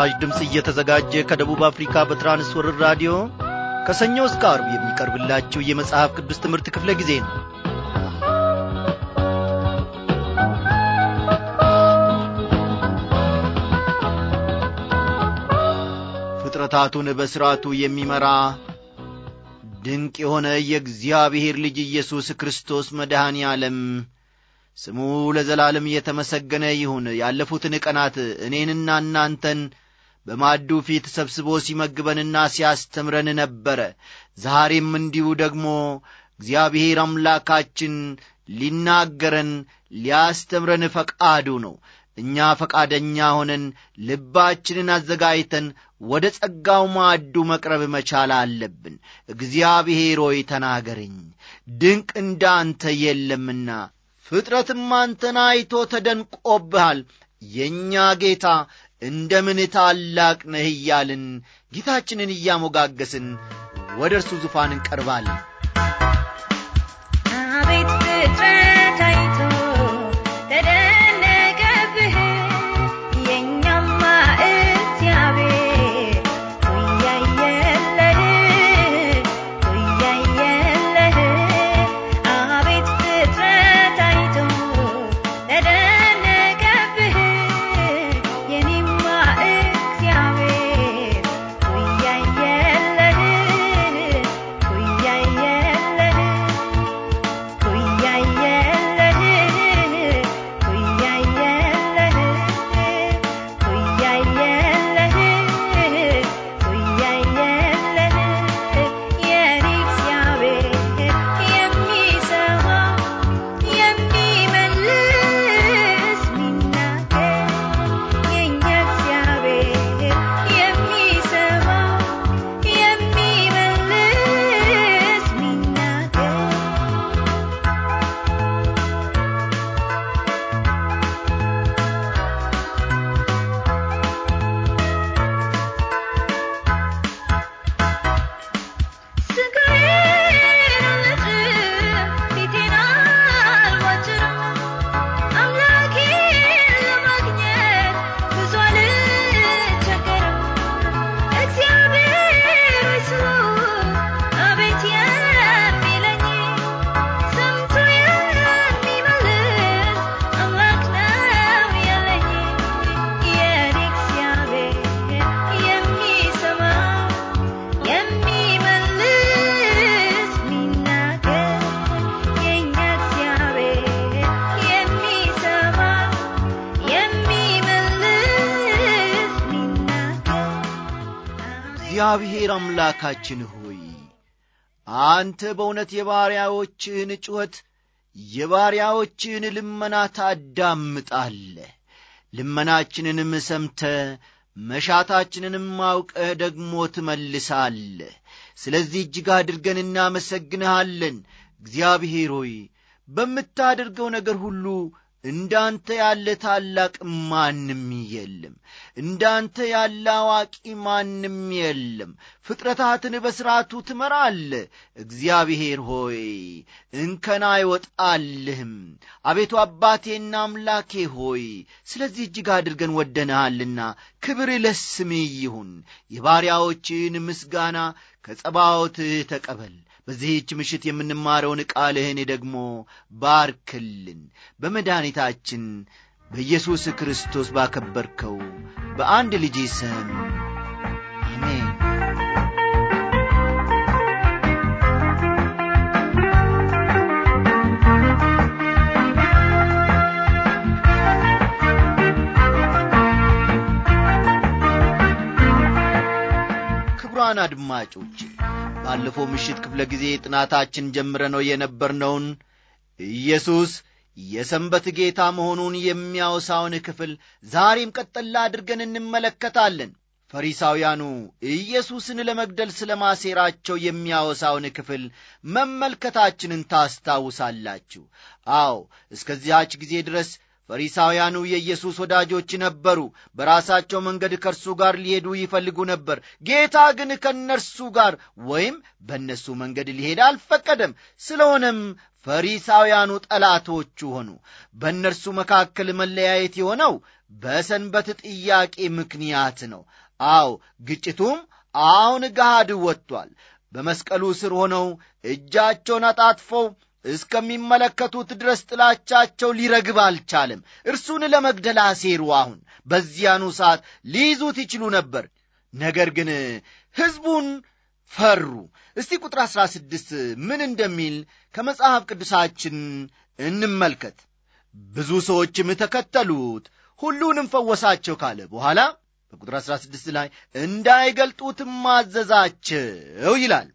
ለመስራች ድምፅ እየተዘጋጀ ከደቡብ አፍሪካ በትራንስወርር ራዲዮ ከሰኞ እስከ አርብ የሚቀርብላችሁ የመጽሐፍ ቅዱስ ትምህርት ክፍለ ጊዜ ነው። ፍጥረታቱን በሥርዓቱ የሚመራ ድንቅ የሆነ የእግዚአብሔር ልጅ ኢየሱስ ክርስቶስ መድኃኔ ዓለም ስሙ ለዘላለም የተመሰገነ ይሁን። ያለፉትን ቀናት እኔንና እናንተን በማዱ ፊት ሰብስቦ ሲመግበንና ሲያስተምረን ነበረ። ዛሬም እንዲሁ ደግሞ እግዚአብሔር አምላካችን ሊናገረን ሊያስተምረን ፈቃዱ ነው። እኛ ፈቃደኛ ሆነን ልባችንን አዘጋጅተን ወደ ጸጋው ማዕዱ መቅረብ መቻል አለብን። እግዚአብሔር ሆይ ተናገረኝ፣ ድንቅ እንዳንተ የለምና ፍጥረትም አንተን አይቶ ተደንቆብሃል። የእኛ ጌታ እንደምን ታላቅ ነህ እያልን ጌታችንን እያሞጋገስን ወደ እርሱ ዙፋን እንቀርባለን አምላካችን ሆይ አንተ በእውነት የባሪያዎችህን ጩኸት የባሪያዎችህን ልመና ታዳምጣለህ። ልመናችንንም ሰምተ መሻታችንንም አውቀህ ደግሞ ትመልሳለህ። ስለዚህ እጅግ አድርገን እናመሰግንሃለን። እግዚአብሔር ሆይ በምታደርገው ነገር ሁሉ እንዳንተ ያለ ታላቅ ማንም የለም። እንዳንተ ያለ አዋቂ ማንም የለም። ፍጥረታትን በሥርዓቱ ትመራለ። እግዚአብሔር ሆይ እንከን አይወጣልህም። አቤቱ አባቴና አምላኬ ሆይ ስለዚህ እጅግ አድርገን ወደንሃልና ክብር ለስሜ ይሁን። የባሪያዎችን ምስጋና ከጸባዖትህ ተቀበል። በዚህች ምሽት የምንማረውን ቃልህን ደግሞ ባርክልን በመድኃኒታችን በኢየሱስ ክርስቶስ ባከበርከው በአንድ ልጅ ስም አሜን። ክቡራን አድማጮች ባለፈው ምሽት ክፍለ ጊዜ ጥናታችን ጀምረነው የነበርነውን ኢየሱስ የሰንበት ጌታ መሆኑን የሚያወሳውን ክፍል ዛሬም ቀጠላ አድርገን እንመለከታለን። ፈሪሳውያኑ ኢየሱስን ለመግደል ስለ ማሴራቸው የሚያወሳውን ክፍል መመልከታችንን ታስታውሳላችሁ። አዎ እስከዚያች ጊዜ ድረስ ፈሪሳውያኑ የኢየሱስ ወዳጆች ነበሩ። በራሳቸው መንገድ ከእርሱ ጋር ሊሄዱ ይፈልጉ ነበር። ጌታ ግን ከእነርሱ ጋር ወይም በእነሱ መንገድ ሊሄድ አልፈቀደም። ስለሆነም ፈሪሳውያኑ ጠላቶቹ ሆኑ። በእነርሱ መካከል መለያየት የሆነው በሰንበት ጥያቄ ምክንያት ነው። አዎ ግጭቱም አሁን ገሃድ ወጥቷል። በመስቀሉ ስር ሆነው እጃቸውን አጣጥፈው እስከሚመለከቱት ድረስ ጥላቻቸው ሊረግብ አልቻለም። እርሱን ለመግደል አሴሩ። አሁን በዚያኑ ሰዓት ሊይዙት ይችሉ ነበር፣ ነገር ግን ሕዝቡን ፈሩ። እስቲ ቁጥር አሥራ ስድስት ምን እንደሚል ከመጽሐፍ ቅዱሳችን እንመልከት። ብዙ ሰዎችም ተከተሉት፣ ሁሉንም ፈወሳቸው ካለ በኋላ በቁጥር 16 ላይ እንዳይገልጡትም አዘዛቸው ይላል።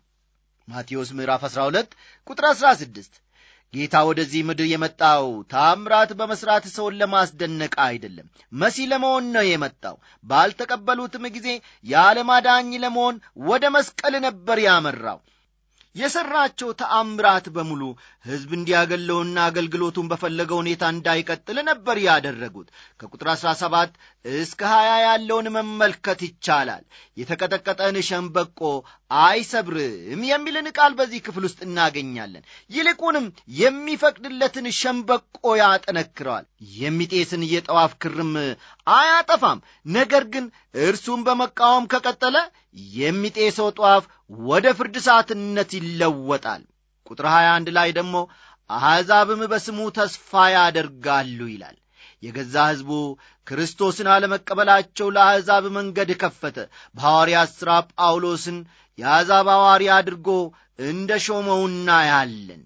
ማቴዎስ ምዕራፍ 12 ቁጥር 16 ጌታ ወደዚህ ምድር የመጣው ታምራት በመሥራት ሰውን ለማስደነቅ አይደለም። መሲህ ለመሆን ነው የመጣው። ባልተቀበሉትም ጊዜ የዓለም ለመሆን ወደ መስቀል ነበር ያመራው። የሠራቸው ተአምራት በሙሉ ሕዝብ እንዲያገለውና አገልግሎቱን በፈለገው ሁኔታ እንዳይቀጥል ነበር ያደረጉት። ከቁጥር 17 እስከ 20 ያለውን መመልከት ይቻላል። የተቀጠቀጠን ሸንበቆ አይሰብርም የሚልን ቃል በዚህ ክፍል ውስጥ እናገኛለን። ይልቁንም የሚፈቅድለትን ሸምበቆ ያጠነክረዋል። የሚጤስን የጠዋፍ ክርም አያጠፋም። ነገር ግን እርሱን በመቃወም ከቀጠለ የሚጤሰው ጠዋፍ ወደ ፍርድ ሰዓትነት ይለወጣል። ቁጥር 21 ላይ ደግሞ አሕዛብም በስሙ ተስፋ ያደርጋሉ ይላል። የገዛ ሕዝቡ ክርስቶስን አለመቀበላቸው ለአሕዛብ መንገድ ከፈተ። በሐዋርያት ሥራ ጳውሎስን የአሕዛብ አዋሪ አድርጎ እንደ ሾመው እናያለን።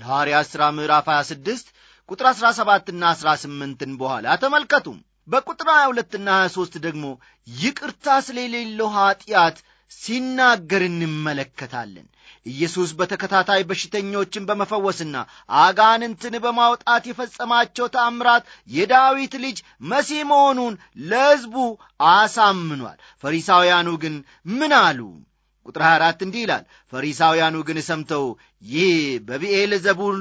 የሐዋርያ ሥራ ምዕራፍ 26 ቁጥር 17ና 18ን በኋላ ተመልከቱም። በቁጥር 22ና 23 ደግሞ ይቅርታ ስለሌለው ኀጢአት ሲናገር እንመለከታለን። ኢየሱስ በተከታታይ በሽተኞችን በመፈወስና አጋንንትን በማውጣት የፈጸማቸው ታምራት የዳዊት ልጅ መሲህ መሆኑን ለሕዝቡ አሳምኗል። ፈሪሳውያኑ ግን ምን አሉ? ቁጥር 24 እንዲህ ይላል ፈሪሳውያኑ ግን ሰምተው ይህ በብኤል ዘቡል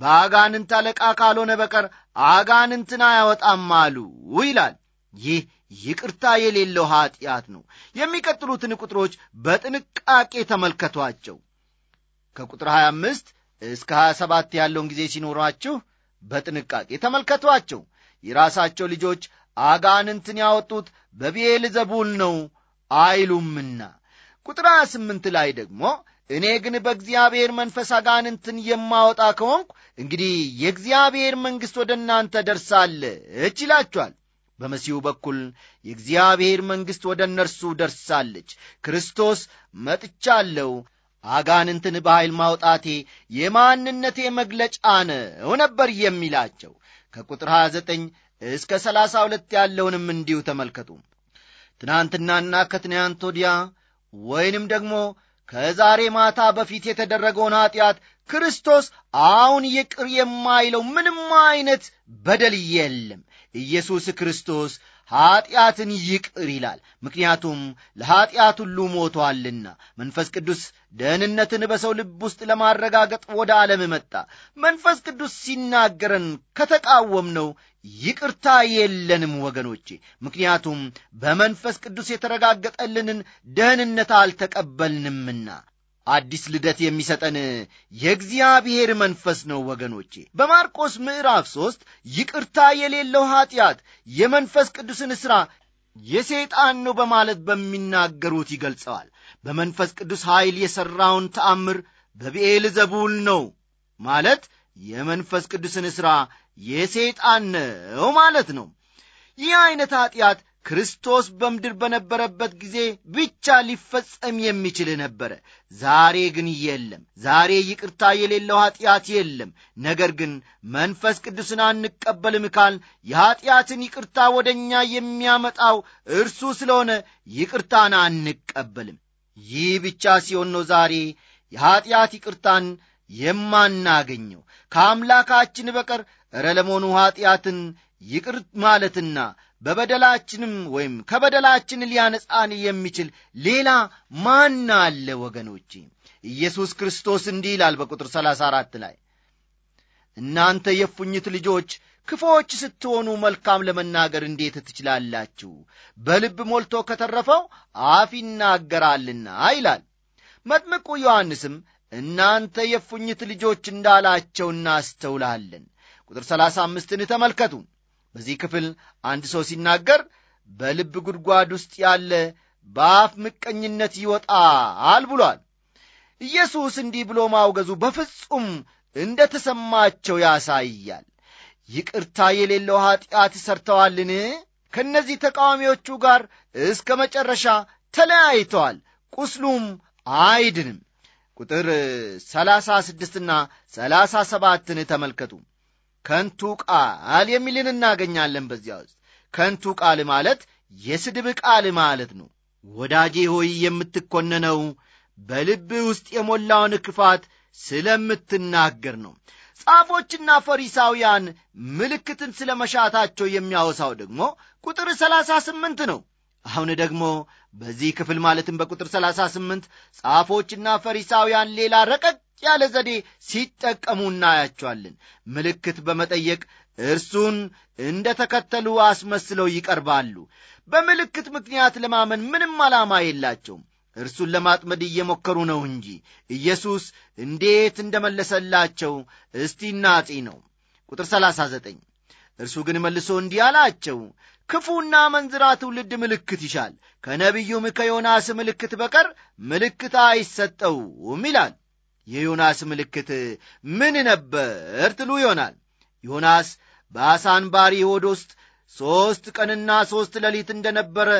በአጋንንት አለቃ ካልሆነ በቀር አጋንንትን አያወጣም አሉ ይላል ይህ ይቅርታ የሌለው ኀጢአት ነው የሚቀጥሉትን ቁጥሮች በጥንቃቄ ተመልከቷቸው ከቁጥር 25 እስከ 27 ያለውን ጊዜ ሲኖሯችሁ በጥንቃቄ ተመልከቷቸው የራሳቸው ልጆች አጋንንትን ያወጡት በብኤል ዘቡል ነው አይሉምና ቁጥር 28 ላይ ደግሞ እኔ ግን በእግዚአብሔር መንፈስ አጋንንትን የማወጣ ከሆንኩ እንግዲህ የእግዚአብሔር መንግሥት ወደ እናንተ ደርሳለች ይላችኋል። በመሲሁ በኩል የእግዚአብሔር መንግሥት ወደ እነርሱ ደርሳለች። ክርስቶስ መጥቻለሁ፣ አጋንንትን በኃይል ማውጣቴ የማንነቴ መግለጫ ነው ነበር የሚላቸው። ከቁጥር 29 እስከ 32 ያለውንም እንዲሁ ተመልከቱ። ትናንትናና ከትናንት ወዲያ ወይንም ደግሞ ከዛሬ ማታ በፊት የተደረገውን ኀጢአት ክርስቶስ አሁን ይቅር የማይለው ምንም አይነት በደል የለም። ኢየሱስ ክርስቶስ ኀጢአትን ይቅር ይላል፣ ምክንያቱም ለኀጢአት ሁሉ ሞቶአልና። መንፈስ ቅዱስ ደህንነትን በሰው ልብ ውስጥ ለማረጋገጥ ወደ ዓለም መጣ። መንፈስ ቅዱስ ሲናገረን ከተቃወምነው ይቅርታ የለንም ወገኖቼ፣ ምክንያቱም በመንፈስ ቅዱስ የተረጋገጠልንን ደህንነት አልተቀበልንምና። አዲስ ልደት የሚሰጠን የእግዚአብሔር መንፈስ ነው። ወገኖቼ በማርቆስ ምዕራፍ ሦስት ይቅርታ የሌለው ኀጢአት የመንፈስ ቅዱስን ሥራ የሰይጣን ነው በማለት በሚናገሩት ይገልጸዋል። በመንፈስ ቅዱስ ኃይል የሠራውን ተአምር በብኤል ዘቡል ነው ማለት የመንፈስ ቅዱስን ሥራ የሰይጣን ነው ማለት ነው። ይህ ዐይነት ኀጢአት ክርስቶስ በምድር በነበረበት ጊዜ ብቻ ሊፈጸም የሚችል ነበረ። ዛሬ ግን የለም። ዛሬ ይቅርታ የሌለው ኀጢአት የለም። ነገር ግን መንፈስ ቅዱስን አንቀበልም ካል የኀጢአትን ይቅርታ ወደ እኛ የሚያመጣው እርሱ ስለሆነ ይቅርታን አንቀበልም። ይህ ብቻ ሲሆን ነው ዛሬ የኀጢአት ይቅርታን የማናገኘው ከአምላካችን በቀር። እረ ለመሆኑ ኀጢአትን ይቅር ማለትና በበደላችንም ወይም ከበደላችን ሊያነጻን የሚችል ሌላ ማን አለ ወገኖቼ? ኢየሱስ ክርስቶስ እንዲህ ይላል በቁጥር 34 ላይ እናንተ የፉኝት ልጆች ክፎች ስትሆኑ መልካም ለመናገር እንዴት ትችላላችሁ? በልብ ሞልቶ ከተረፈው አፍ ይናገራልና ይላል። መጥምቁ ዮሐንስም እናንተ የፉኝት ልጆች እንዳላቸው እናስተውላለን። ቁጥር 35ን ተመልከቱን በዚህ ክፍል አንድ ሰው ሲናገር በልብ ጉድጓድ ውስጥ ያለ በአፍ ምቀኝነት ይወጣል ብሏል። ኢየሱስ እንዲህ ብሎ ማውገዙ በፍጹም እንደ ተሰማቸው ያሳያል። ይቅርታ የሌለው ኀጢአት ሠርተዋልን? ከእነዚህ ተቃዋሚዎቹ ጋር እስከ መጨረሻ ተለያይተዋል። ቁስሉም አይድንም። ቁጥር 36ና 37 ሰባትን ተመልከቱ። ከንቱ ቃል የሚልን እናገኛለን። በዚያ ውስጥ ከንቱ ቃል ማለት የስድብ ቃል ማለት ነው። ወዳጄ ሆይ የምትኮነነው በልብ ውስጥ የሞላውን ክፋት ስለምትናገር ነው። ጻፎችና ፈሪሳውያን ምልክትን ስለ መሻታቸው የሚያወሳው ደግሞ ቁጥር ሰላሳ ስምንት ነው። አሁን ደግሞ በዚህ ክፍል ማለትም በቁጥር 38 ጻፎችና ፈሪሳውያን ሌላ ረቀቅ ያለ ዘዴ ሲጠቀሙ እናያቸዋለን። ምልክት በመጠየቅ እርሱን እንደ ተከተሉ አስመስለው ይቀርባሉ። በምልክት ምክንያት ለማመን ምንም ዓላማ የላቸውም። እርሱን ለማጥመድ እየሞከሩ ነው እንጂ ኢየሱስ እንዴት እንደመለሰላቸው እስቲ እናጢ ነው። ቁጥር 39 እርሱ ግን መልሶ እንዲህ አላቸው ክፉና መንዝራ ትውልድ ምልክት ይሻል ከነቢዩም ከዮናስ ምልክት በቀር ምልክት አይሰጠውም ይላል የዮናስ ምልክት ምን ነበር ትሉ ይሆናል ዮናስ በአሳ አንባሪ ሆድ ውስጥ ሦስት ቀንና ሦስት ሌሊት እንደነበረ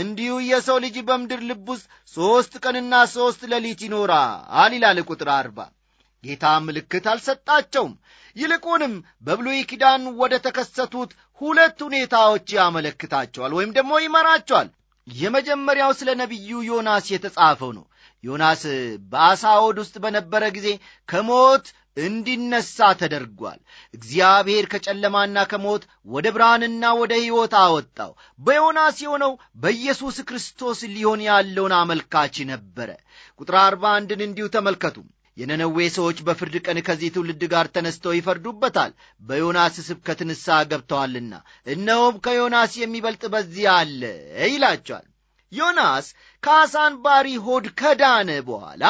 እንዲሁ የሰው ልጅ በምድር ልብ ውስጥ ሦስት ቀንና ሦስት ሌሊት ይኖራል ይላል ቁጥር አርባ ጌታ ምልክት አልሰጣቸውም ይልቁንም በብሉይ ኪዳን ወደ ተከሰቱት ሁለት ሁኔታዎች ያመለክታቸዋል ወይም ደግሞ ይመራቸዋል። የመጀመሪያው ስለ ነቢዩ ዮናስ የተጻፈው ነው። ዮናስ በአሳወድ ውስጥ በነበረ ጊዜ ከሞት እንዲነሳ ተደርጓል። እግዚአብሔር ከጨለማና ከሞት ወደ ብርሃንና ወደ ሕይወት አወጣው። በዮናስ የሆነው በኢየሱስ ክርስቶስ ሊሆን ያለውን አመልካች ነበረ። ቁጥር አርባ አንድን እንዲሁ ተመልከቱም። የነነዌ ሰዎች በፍርድ ቀን ከዚህ ትውልድ ጋር ተነስተው ይፈርዱበታል፣ በዮናስ ስብከት ንስሐ ገብተዋልና፣ እነሆም ከዮናስ የሚበልጥ በዚህ አለ ይላቸዋል። ዮናስ ከዓሣ ባሪ ሆድ ከዳነ በኋላ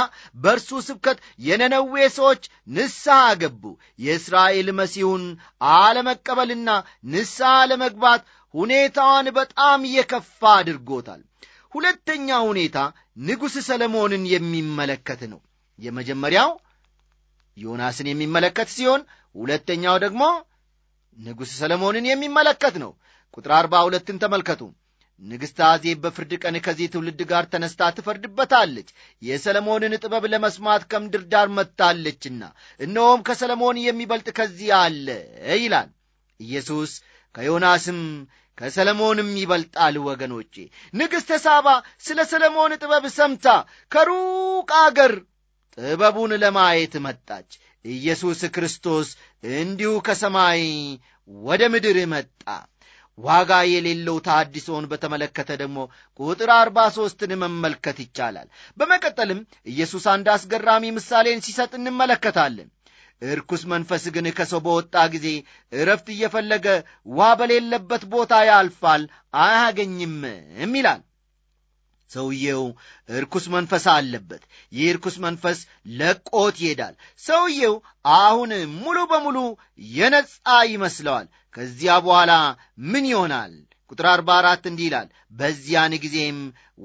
በእርሱ ስብከት የነነዌ ሰዎች ንስሐ ገቡ። የእስራኤል መሲሁን አለመቀበልና ንስሐ ለመግባት ሁኔታዋን በጣም የከፋ አድርጎታል። ሁለተኛ ሁኔታ ንጉሥ ሰለሞንን የሚመለከት ነው። የመጀመሪያው ዮናስን የሚመለከት ሲሆን ሁለተኛው ደግሞ ንጉሥ ሰለሞንን የሚመለከት ነው። ቁጥር አርባ ሁለትን ተመልከቱ። ንግሥት አዜ በፍርድ ቀን ከዚህ ትውልድ ጋር ተነስታ ትፈርድበታለች፣ የሰለሞንን ጥበብ ለመስማት ከምድር ዳር መጥታለችና፣ እነሆም ከሰለሞን የሚበልጥ ከዚህ አለ ይላል ኢየሱስ። ከዮናስም ከሰለሞንም ይበልጣል። ወገኖቼ ንግሥተ ሳባ ስለ ሰለሞን ጥበብ ሰምታ ከሩቅ አገር ጥበቡን ለማየት መጣች። ኢየሱስ ክርስቶስ እንዲሁ ከሰማይ ወደ ምድር መጣ። ዋጋ የሌለው ታድሶን በተመለከተ ደግሞ ቁጥር አርባ ሦስትን መመልከት ይቻላል። በመቀጠልም ኢየሱስ አንድ አስገራሚ ምሳሌን ሲሰጥ እንመለከታለን። እርኩስ መንፈስ ግን ከሰው በወጣ ጊዜ እረፍት እየፈለገ ውሃ በሌለበት ቦታ ያልፋል፣ አያገኝምም ይላል። ሰውየው እርኩስ መንፈስ አለበት። ይህ እርኩስ መንፈስ ለቆት ይሄዳል። ሰውየው አሁን ሙሉ በሙሉ የነጻ ይመስለዋል። ከዚያ በኋላ ምን ይሆናል? ቁጥር አርባ አራት እንዲህ ይላል፣ በዚያን ጊዜም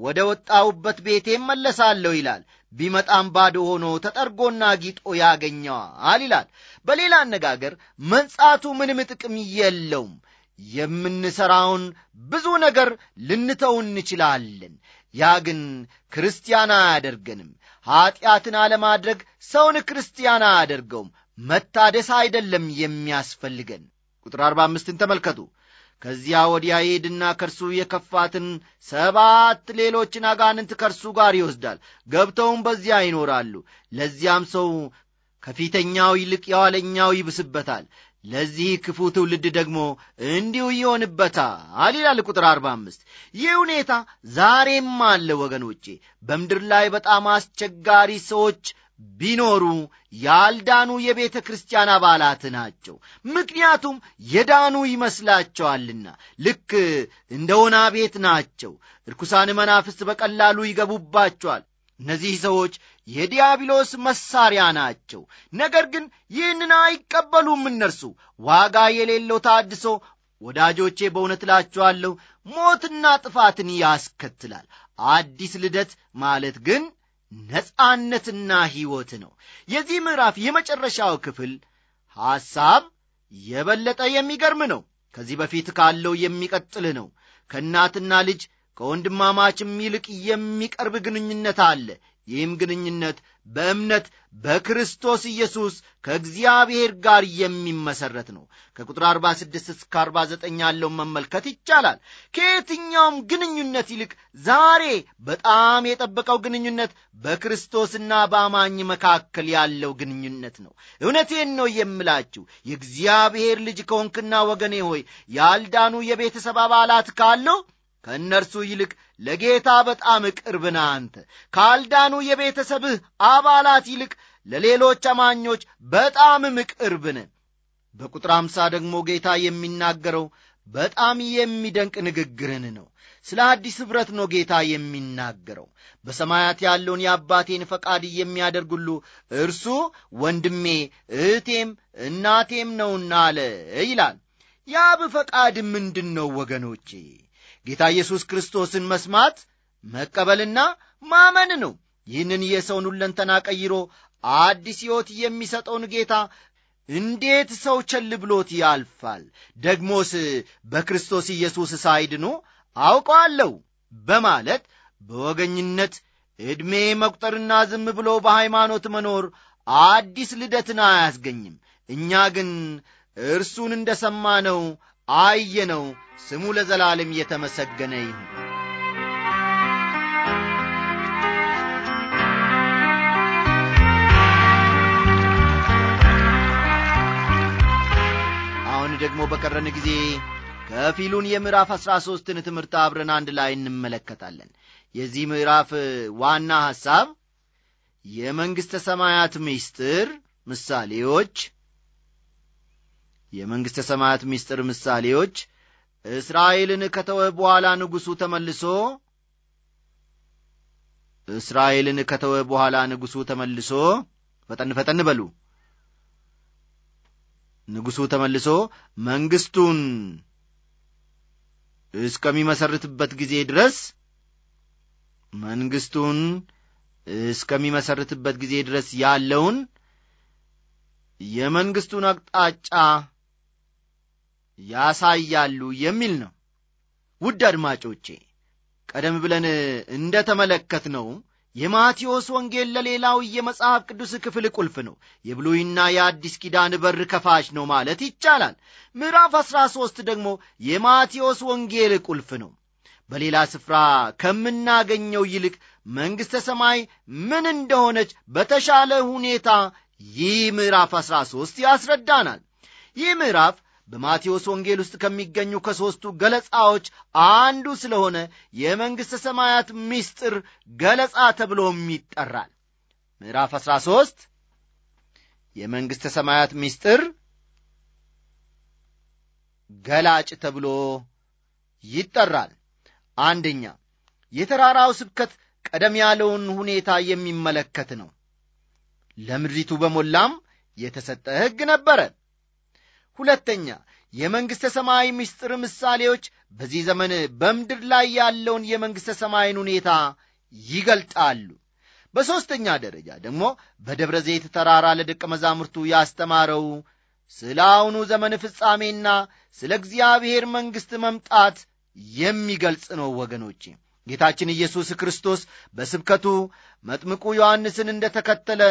ወደ ወጣሁበት ቤቴ መለሳለሁ ይላል። ቢመጣም ባዶ ሆኖ ተጠርጎና ጊጦ ያገኘዋል ይላል። በሌላ አነጋገር መንጻቱ ምንም ጥቅም የለውም። የምንሠራውን ብዙ ነገር ልንተው እንችላለን። ያ ግን ክርስቲያን አያደርገንም። ኀጢአትን አለማድረግ ሰውን ክርስቲያን አያደርገውም። መታደስ አይደለም የሚያስፈልገን። ቁጥር አርባ አምስትን ተመልከቱ። ከዚያ ወዲያ ይሄድና ከእርሱ የከፋትን ሰባት ሌሎችን አጋንንት ከእርሱ ጋር ይወስዳል፣ ገብተውም በዚያ ይኖራሉ። ለዚያም ሰው ከፊተኛው ይልቅ የኋለኛው ይብስበታል፣ ለዚህ ክፉ ትውልድ ደግሞ እንዲሁ ይሆንበታል ይላል ቁጥር 45። ይህ ሁኔታ ዛሬም አለ ወገኖቼ። በምድር ላይ በጣም አስቸጋሪ ሰዎች ቢኖሩ ያልዳኑ የቤተ ክርስቲያን አባላት ናቸው። ምክንያቱም የዳኑ ይመስላቸዋልና ልክ እንደ ወና ቤት ናቸው። እርኩሳን መናፍስት በቀላሉ ይገቡባቸዋል። እነዚህ ሰዎች የዲያብሎስ መሳሪያ ናቸው። ነገር ግን ይህንን አይቀበሉም። እነርሱ ዋጋ የሌለው ታድሶ ወዳጆቼ በእውነት እላችኋለሁ ሞትና ጥፋትን ያስከትላል። አዲስ ልደት ማለት ግን ነጻነትና ሕይወት ነው። የዚህ ምዕራፍ የመጨረሻው ክፍል ሐሳብ የበለጠ የሚገርም ነው። ከዚህ በፊት ካለው የሚቀጥል ነው። ከእናትና ልጅ ከወንድማማችም ይልቅ የሚቀርብ ግንኙነት አለ። ይህም ግንኙነት በእምነት በክርስቶስ ኢየሱስ ከእግዚአብሔር ጋር የሚመሠረት ነው። ከቁጥር 46 እስከ 49 ያለውን መመልከት ይቻላል። ከየትኛውም ግንኙነት ይልቅ ዛሬ በጣም የጠበቀው ግንኙነት በክርስቶስና በአማኝ መካከል ያለው ግንኙነት ነው። እውነቴን ነው የምላችሁ የእግዚአብሔር ልጅ ከሆንክና ወገኔ ሆይ ያልዳኑ የቤተሰብ አባላት ካለው ከእነርሱ ይልቅ ለጌታ በጣም ቅርብ አንተ። ካልዳኑ የቤተሰብህ አባላት ይልቅ ለሌሎች አማኞች በጣም ምቅርብን በቁጥር አምሳ ደግሞ ጌታ የሚናገረው በጣም የሚደንቅ ንግግርን ነው። ስለ አዲስ ኅብረት ነው ጌታ የሚናገረው። በሰማያት ያለውን የአባቴን ፈቃድ የሚያደርጉሉ እርሱ ወንድሜ እህቴም እናቴም ነውና አለ ይላል። የአብ ፈቃድ ምንድን ነው ወገኖቼ? ጌታ ኢየሱስ ክርስቶስን መስማት መቀበልና ማመን ነው። ይህንን የሰውን ሁለንተና ቀይሮ አዲስ ሕይወት የሚሰጠውን ጌታ እንዴት ሰው ቸል ብሎት ያልፋል? ደግሞስ በክርስቶስ ኢየሱስ ሳይድኖ አውቀዋለሁ በማለት በወገኝነት ዕድሜ መቁጠርና ዝም ብሎ በሃይማኖት መኖር አዲስ ልደትን አያስገኝም። እኛ ግን እርሱን እንደ ሰማነው አየነው። ስሙ ለዘላለም የተመሰገነ ይሁን። አሁን ደግሞ በቀረን ጊዜ ከፊሉን የምዕራፍ አሥራ ሦስትን ትምህርት አብረን አንድ ላይ እንመለከታለን። የዚህ ምዕራፍ ዋና ሐሳብ የመንግሥተ ሰማያት ምስጢር ምሳሌዎች የመንግሥተ ሰማያት ምስጢር ምሳሌዎች እስራኤልን ከተወ በኋላ ንጉሡ ተመልሶ እስራኤልን ከተወ በኋላ ንጉሡ ተመልሶ ፈጠን ፈጠን በሉ ንጉሡ ተመልሶ መንግሥቱን እስከሚመሠርትበት ጊዜ ድረስ መንግሥቱን እስከሚመሠርትበት ጊዜ ድረስ ያለውን የመንግሥቱን አቅጣጫ ያሳያሉ የሚል ነው። ውድ አድማጮቼ ቀደም ብለን እንደ ነው የማቴዎስ ወንጌል ለሌላው የመጽሐፍ ቅዱስ ክፍል ቁልፍ ነው። የብሉይና የአዲስ ኪዳን በር ከፋች ነው ማለት ይቻላል። ምዕራፍ አሥራ ሦስት ደግሞ የማቴዎስ ወንጌል ቁልፍ ነው። በሌላ ስፍራ ከምናገኘው ይልቅ መንግሥተ ሰማይ ምን እንደሆነች በተሻለ ሁኔታ ይህ ምዕራፍ አሥራ ሦስት ያስረዳናል። ይህ ምዕራፍ በማቴዎስ ወንጌል ውስጥ ከሚገኙ ከሦስቱ ገለጻዎች አንዱ ስለሆነ የመንግሥተ ሰማያት ምስጢር ገለጻ ተብሎም ይጠራል። ምዕራፍ 13 የመንግሥተ ሰማያት ምስጢር ገላጭ ተብሎ ይጠራል። አንደኛ የተራራው ስብከት ቀደም ያለውን ሁኔታ የሚመለከት ነው። ለምድሪቱ በሞላም የተሰጠ ሕግ ነበረ። ሁለተኛ የመንግሥተ ሰማይ ምስጢር ምሳሌዎች በዚህ ዘመን በምድር ላይ ያለውን የመንግሥተ ሰማይን ሁኔታ ይገልጣሉ። በሦስተኛ ደረጃ ደግሞ በደብረ ዘይት ተራራ ለደቀ መዛሙርቱ ያስተማረው ስለ አሁኑ ዘመን ፍጻሜና ስለ እግዚአብሔር መንግሥት መምጣት የሚገልጽ ነው። ወገኖቼ ጌታችን ኢየሱስ ክርስቶስ በስብከቱ መጥምቁ ዮሐንስን እንደ ተከተለ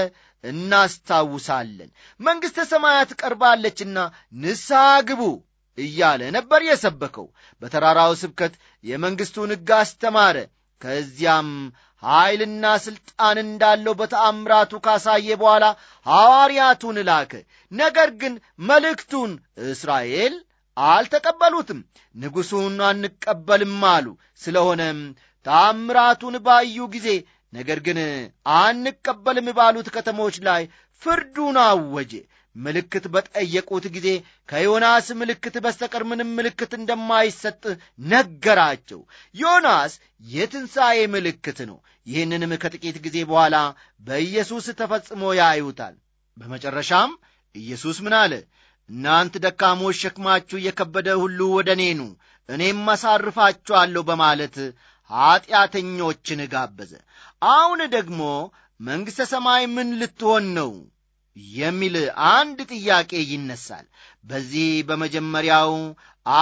እናስታውሳለን። መንግሥተ ሰማያት ቀርባለችና ንስሐ ግቡ እያለ ነበር የሰበከው። በተራራው ስብከት የመንግሥቱን ሕግ አስተማረ። ከዚያም ኀይልና ሥልጣን እንዳለው በተአምራቱ ካሳየ በኋላ ሐዋርያቱን ላከ። ነገር ግን መልእክቱን እስራኤል አልተቀበሉትም። ንጉሡን አንቀበልም አሉ። ስለሆነም ታምራቱን ባዩ ጊዜ ነገር ግን አንቀበልም ባሉት ከተሞች ላይ ፍርዱን አወጀ። ምልክት በጠየቁት ጊዜ ከዮናስ ምልክት በስተቀር ምንም ምልክት እንደማይሰጥ ነገራቸው። ዮናስ የትንሣኤ ምልክት ነው። ይህንንም ከጥቂት ጊዜ በኋላ በኢየሱስ ተፈጽሞ ያዩታል። በመጨረሻም ኢየሱስ ምን አለ? እናንት ደካሞች ሸክማችሁ የከበደ ሁሉ ወደ እኔ ኑ እኔም አሳርፋችኋለሁ በማለት ኀጢአተኞችን ጋበዘ። አሁን ደግሞ መንግሥተ ሰማይ ምን ልትሆን ነው የሚል አንድ ጥያቄ ይነሳል። በዚህ በመጀመሪያው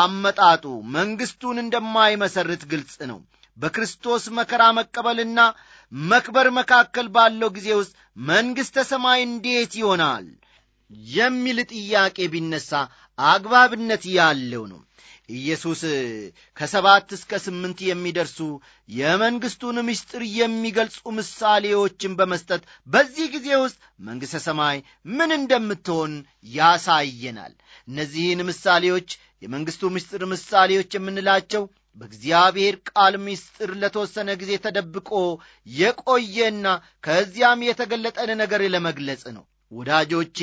አመጣጡ መንግሥቱን እንደማይመሰርት ግልጽ ነው። በክርስቶስ መከራ መቀበልና መክበር መካከል ባለው ጊዜ ውስጥ መንግሥተ ሰማይ እንዴት ይሆናል የሚል ጥያቄ ቢነሳ አግባብነት ያለው ነው። ኢየሱስ ከሰባት እስከ ስምንት የሚደርሱ የመንግሥቱን ምስጢር የሚገልጹ ምሳሌዎችን በመስጠት በዚህ ጊዜ ውስጥ መንግሥተ ሰማይ ምን እንደምትሆን ያሳየናል። እነዚህን ምሳሌዎች የመንግሥቱ ምስጢር ምሳሌዎች የምንላቸው በእግዚአብሔር ቃል ምስጢር ለተወሰነ ጊዜ ተደብቆ የቆየና ከዚያም የተገለጠን ነገር ለመግለጽ ነው። ወዳጆቼ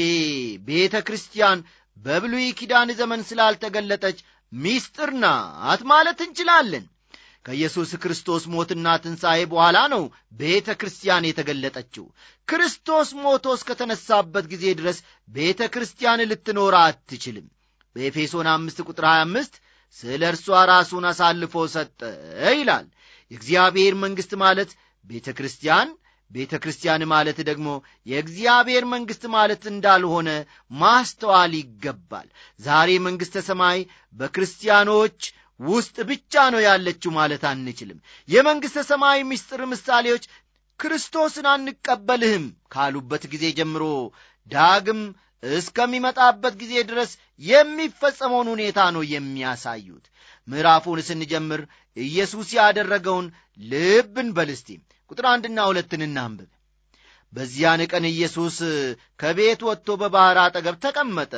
ቤተ ክርስቲያን በብሉይ ኪዳን ዘመን ስላልተገለጠች ሚስጥር ናት ማለት እንችላለን። ከኢየሱስ ክርስቶስ ሞትና ትንሣኤ በኋላ ነው ቤተ ክርስቲያን የተገለጠችው። ክርስቶስ ሞቶ እስከተነሳበት ጊዜ ድረስ ቤተ ክርስቲያን ልትኖር አትችልም። በኤፌሶን አምስት ቁጥር 25 ስለ እርሷ ራሱን አሳልፎ ሰጠ ይላል። የእግዚአብሔር መንግሥት ማለት ቤተ ክርስቲያን ቤተ ክርስቲያን ማለት ደግሞ የእግዚአብሔር መንግሥት ማለት እንዳልሆነ ማስተዋል ይገባል። ዛሬ መንግሥተ ሰማይ በክርስቲያኖች ውስጥ ብቻ ነው ያለችው ማለት አንችልም። የመንግሥተ ሰማይ ምስጢር ምሳሌዎች ክርስቶስን አንቀበልህም ካሉበት ጊዜ ጀምሮ ዳግም እስከሚመጣበት ጊዜ ድረስ የሚፈጸመውን ሁኔታ ነው የሚያሳዩት። ምዕራፉን ስንጀምር ኢየሱስ ያደረገውን ልብን በልስቲ ቁጥር አንድና ሁለትን እናንብብ። በዚያን ቀን ኢየሱስ ከቤት ወጥቶ በባሕር አጠገብ ተቀመጠ።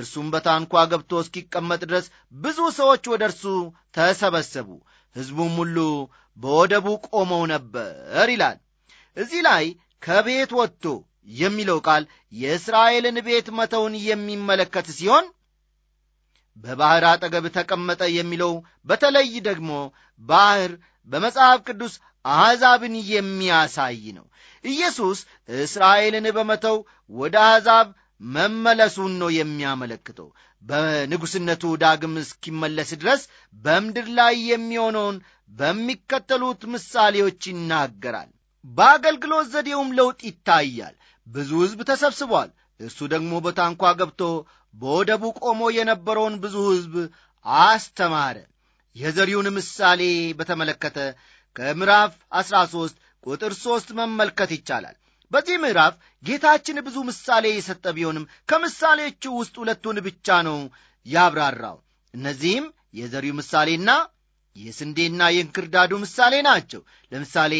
እርሱም በታንኳ ገብቶ እስኪቀመጥ ድረስ ብዙ ሰዎች ወደ እርሱ ተሰበሰቡ። ሕዝቡም ሁሉ በወደቡ ቆመው ነበር ይላል። እዚህ ላይ ከቤት ወጥቶ የሚለው ቃል የእስራኤልን ቤት መተውን የሚመለከት ሲሆን በባሕር አጠገብ ተቀመጠ የሚለው በተለይ ደግሞ ባሕር በመጽሐፍ ቅዱስ አሕዛብን የሚያሳይ ነው። ኢየሱስ እስራኤልን በመተው ወደ አሕዛብ መመለሱን ነው የሚያመለክተው። በንጉሥነቱ ዳግም እስኪመለስ ድረስ በምድር ላይ የሚሆነውን በሚከተሉት ምሳሌዎች ይናገራል። በአገልግሎት ዘዴውም ለውጥ ይታያል። ብዙ ሕዝብ ተሰብስቧል። እርሱ ደግሞ በታንኳ ገብቶ በወደቡ ቆሞ የነበረውን ብዙ ሕዝብ አስተማረ። የዘሪውን ምሳሌ በተመለከተ ከምዕራፍ 13 ቁጥር 3 መመልከት ይቻላል። በዚህ ምዕራፍ ጌታችን ብዙ ምሳሌ የሰጠ ቢሆንም ከምሳሌዎቹ ውስጥ ሁለቱን ብቻ ነው ያብራራው። እነዚህም የዘሪው ምሳሌና የስንዴና የእንክርዳዱ ምሳሌ ናቸው። ለምሳሌ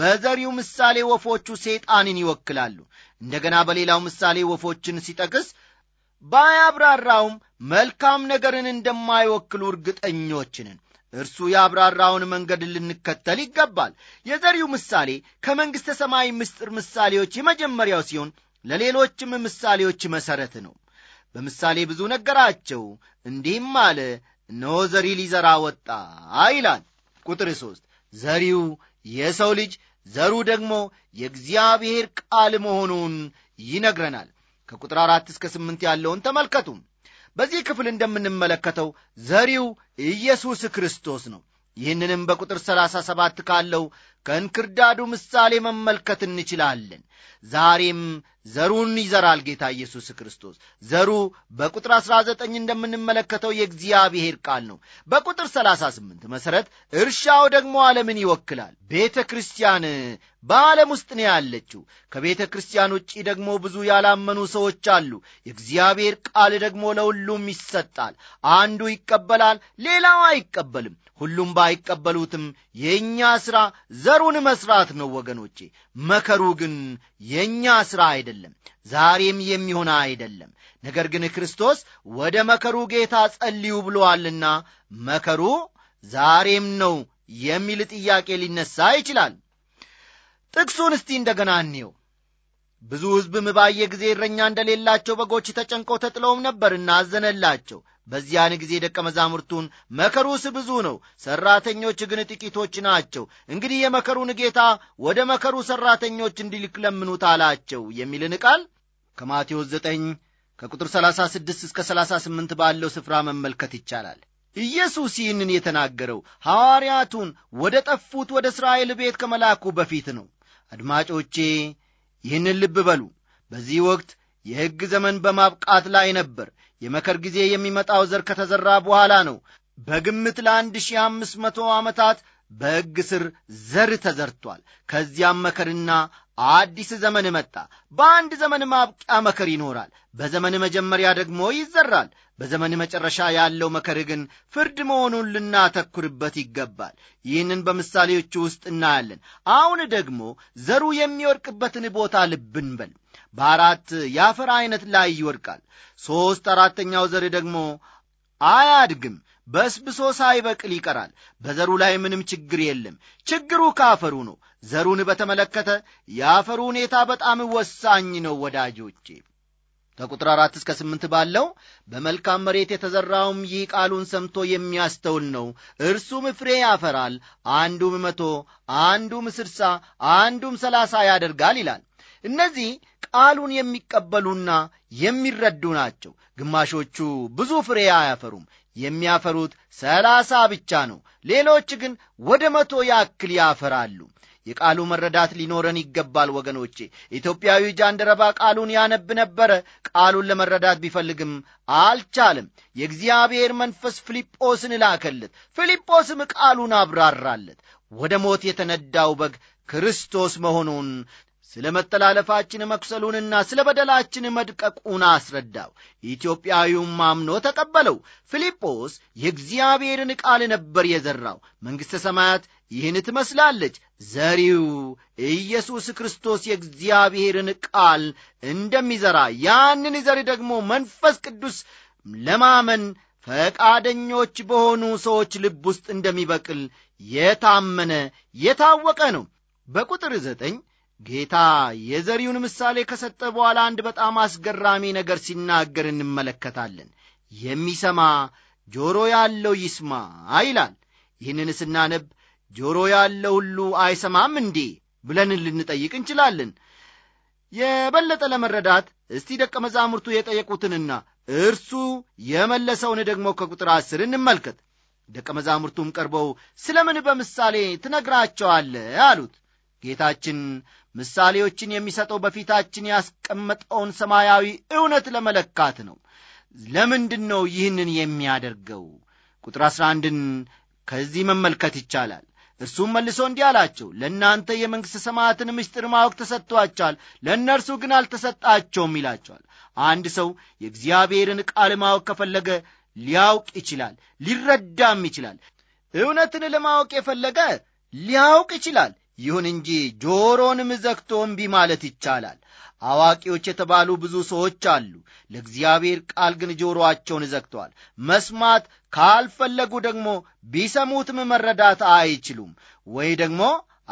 በዘሪው ምሳሌ ወፎቹ ሰይጣንን ይወክላሉ። እንደገና በሌላው ምሳሌ ወፎችን ሲጠቅስ ባያብራራውም መልካም ነገርን እንደማይወክሉ እርግጠኞችንን እርሱ ያብራራውን መንገድ ልንከተል ይገባል። የዘሪው ምሳሌ ከመንግሥተ ሰማይ ምስጢር ምሳሌዎች የመጀመሪያው ሲሆን ለሌሎችም ምሳሌዎች መሠረት ነው። በምሳሌ ብዙ ነገራቸው፣ እንዲህም አለ፣ እነሆ ዘሪ ሊዘራ ወጣ ይላል። ቁጥር ሦስት ዘሪው የሰው ልጅ ዘሩ ደግሞ የእግዚአብሔር ቃል መሆኑን ይነግረናል። ከቁጥር አራት እስከ ስምንት ያለውን ተመልከቱ። በዚህ ክፍል እንደምንመለከተው ዘሪው ኢየሱስ ክርስቶስ ነው። ይህንንም በቁጥር ሰላሳ ሰባት ካለው ከእንክርዳዱ ምሳሌ መመልከት እንችላለን። ዛሬም ዘሩን ይዘራል ጌታ ኢየሱስ ክርስቶስ። ዘሩ በቁጥር 19 እንደምንመለከተው የእግዚአብሔር ቃል ነው። በቁጥር 38 መሠረት እርሻው ደግሞ ዓለምን ይወክላል። ቤተ ክርስቲያን በዓለም ውስጥ ነው ያለችው። ከቤተ ክርስቲያን ውጪ ደግሞ ብዙ ያላመኑ ሰዎች አሉ። የእግዚአብሔር ቃል ደግሞ ለሁሉም ይሰጣል። አንዱ ይቀበላል፣ ሌላው አይቀበልም። ሁሉም ባይቀበሉትም የእኛ ሥራ ዘሩን መስራት ነው ወገኖቼ። መከሩ ግን የእኛ ሥራ አይደለም፣ ዛሬም የሚሆን አይደለም። ነገር ግን ክርስቶስ ወደ መከሩ ጌታ ጸልዩ ብሎአልና መከሩ ዛሬም ነው የሚል ጥያቄ ሊነሳ ይችላል። ጥቅሱን እስቲ እንደገና እንየው። ብዙ ሕዝብም ባየ ጊዜ እረኛ እንደሌላቸው በጎች ተጨንቀው ተጥለውም ነበርና አዘነላቸው። በዚያን ጊዜ ደቀ መዛሙርቱን መከሩስ ብዙ ነው፣ ሠራተኞች ግን ጥቂቶች ናቸው። እንግዲህ የመከሩን ጌታ ወደ መከሩ ሠራተኞች እንዲልክ ለምኑት አላቸው የሚልን ቃል ከማቴዎስ 9 ከቁጥር 36 እስከ 38 ባለው ስፍራ መመልከት ይቻላል። ኢየሱስ ይህንን የተናገረው ሐዋርያቱን ወደ ጠፉት ወደ እስራኤል ቤት ከመላኩ በፊት ነው። አድማጮቼ ይህንን ልብ በሉ። በዚህ ወቅት የሕግ ዘመን በማብቃት ላይ ነበር። የመከር ጊዜ የሚመጣው ዘር ከተዘራ በኋላ ነው። በግምት ለአንድ ሺህ አምስት መቶ ዓመታት በሕግ ስር ዘር ተዘርቷል። ከዚያም መከርና አዲስ ዘመን መጣ። በአንድ ዘመን ማብቂያ መከር ይኖራል። በዘመን መጀመሪያ ደግሞ ይዘራል። በዘመን መጨረሻ ያለው መከር ግን ፍርድ መሆኑን ልናተኩርበት ይገባል። ይህንን በምሳሌዎቹ ውስጥ እናያለን። አሁን ደግሞ ዘሩ የሚወድቅበትን ቦታ ልብን በል በአራት የአፈር ዐይነት ላይ ይወድቃል። ሦስት አራተኛው ዘር ደግሞ አያድግም፣ በስብሶ ሳይበቅል ይቀራል። በዘሩ ላይ ምንም ችግር የለም። ችግሩ ከአፈሩ ነው። ዘሩን በተመለከተ የአፈሩ ሁኔታ በጣም ወሳኝ ነው ወዳጆቼ። ከቁጥር አራት እስከ ስምንት ባለው በመልካም መሬት የተዘራውም ይህ ቃሉን ሰምቶ የሚያስተውል ነው፣ እርሱም ፍሬ ያፈራል፣ አንዱም መቶ አንዱም ስድሳ አንዱም ሰላሳ ያደርጋል ይላል። እነዚህ ቃሉን የሚቀበሉና የሚረዱ ናቸው። ግማሾቹ ብዙ ፍሬ አያፈሩም፣ የሚያፈሩት ሰላሳ ብቻ ነው። ሌሎች ግን ወደ መቶ ያክል ያፈራሉ። የቃሉ መረዳት ሊኖረን ይገባል ወገኖቼ። ኢትዮጵያዊ ጃንደረባ ቃሉን ያነብ ነበረ። ቃሉን ለመረዳት ቢፈልግም አልቻለም። የእግዚአብሔር መንፈስ ፊልጶስን ላከለት። ፊልጶስም ቃሉን አብራራለት። ወደ ሞት የተነዳው በግ ክርስቶስ መሆኑን ስለ መተላለፋችን መኩሰሉንና ስለ በደላችን መድቀቁን አስረዳው። ኢትዮጵያዊውም አምኖ ተቀበለው። ፊልጶስ የእግዚአብሔርን ቃል ነበር የዘራው። መንግሥተ ሰማያት ይህን ትመስላለች። ዘሪው ኢየሱስ ክርስቶስ የእግዚአብሔርን ቃል እንደሚዘራ ያንን ዘር ደግሞ መንፈስ ቅዱስ ለማመን ፈቃደኞች በሆኑ ሰዎች ልብ ውስጥ እንደሚበቅል የታመነ የታወቀ ነው። በቁጥር ዘጠኝ ጌታ የዘሪውን ምሳሌ ከሰጠ በኋላ አንድ በጣም አስገራሚ ነገር ሲናገር እንመለከታለን። የሚሰማ ጆሮ ያለው ይስማ ይላል። ይህንን ስናነብ ጆሮ ያለው ሁሉ አይሰማም እንዴ ብለን ልንጠይቅ እንችላለን። የበለጠ ለመረዳት እስቲ ደቀ መዛሙርቱ የጠየቁትንና እርሱ የመለሰውን ደግሞ ከቁጥር አስር እንመልከት። ደቀ መዛሙርቱም ቀርበው ስለምን በምሳሌ ትነግራቸዋለህ አሉት። ጌታችን ምሳሌዎችን የሚሰጠው በፊታችን ያስቀመጠውን ሰማያዊ እውነት ለመለካት ነው። ለምንድን ነው ይህንን የሚያደርገው? ቁጥር አሥራ አንድን ከዚህ መመልከት ይቻላል። እርሱም መልሶ እንዲህ አላቸው፣ ለእናንተ የመንግሥት ሰማያትን ምስጢር ማወቅ ተሰጥቷቸዋል፣ ለእነርሱ ግን አልተሰጣቸውም ይላቸዋል። አንድ ሰው የእግዚአብሔርን ቃል ማወቅ ከፈለገ ሊያውቅ ይችላል፣ ሊረዳም ይችላል። እውነትን ለማወቅ የፈለገ ሊያውቅ ይችላል፣ ይሁን እንጂ ጆሮንም ዘግቶ እምቢ ማለት ይቻላል። አዋቂዎች የተባሉ ብዙ ሰዎች አሉ። ለእግዚአብሔር ቃል ግን ጆሮአቸውን ዘግተዋል። መስማት ካልፈለጉ ደግሞ ቢሰሙትም መረዳት አይችሉም ወይ ደግሞ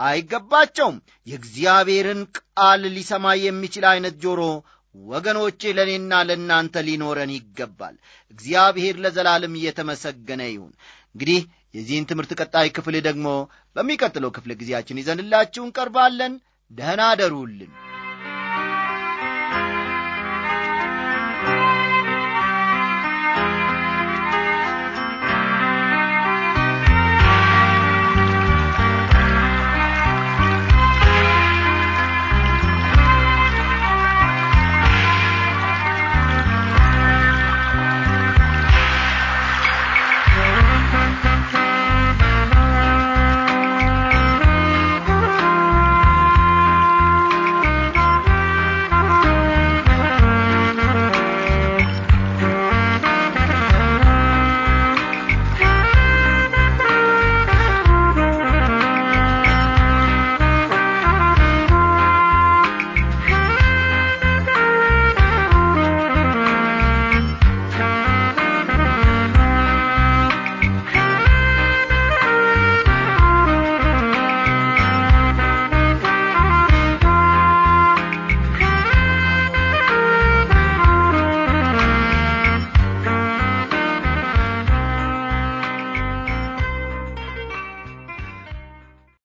አይገባቸውም። የእግዚአብሔርን ቃል ሊሰማ የሚችል አይነት ጆሮ ወገኖቼ ለእኔና ለእናንተ ሊኖረን ይገባል። እግዚአብሔር ለዘላለም እየተመሰገነ ይሁን። እንግዲህ የዚህን ትምህርት ቀጣይ ክፍል ደግሞ በሚቀጥለው ክፍለ ጊዜያችን ይዘንላችሁ እንቀርባለን። ደህና አደሩልን።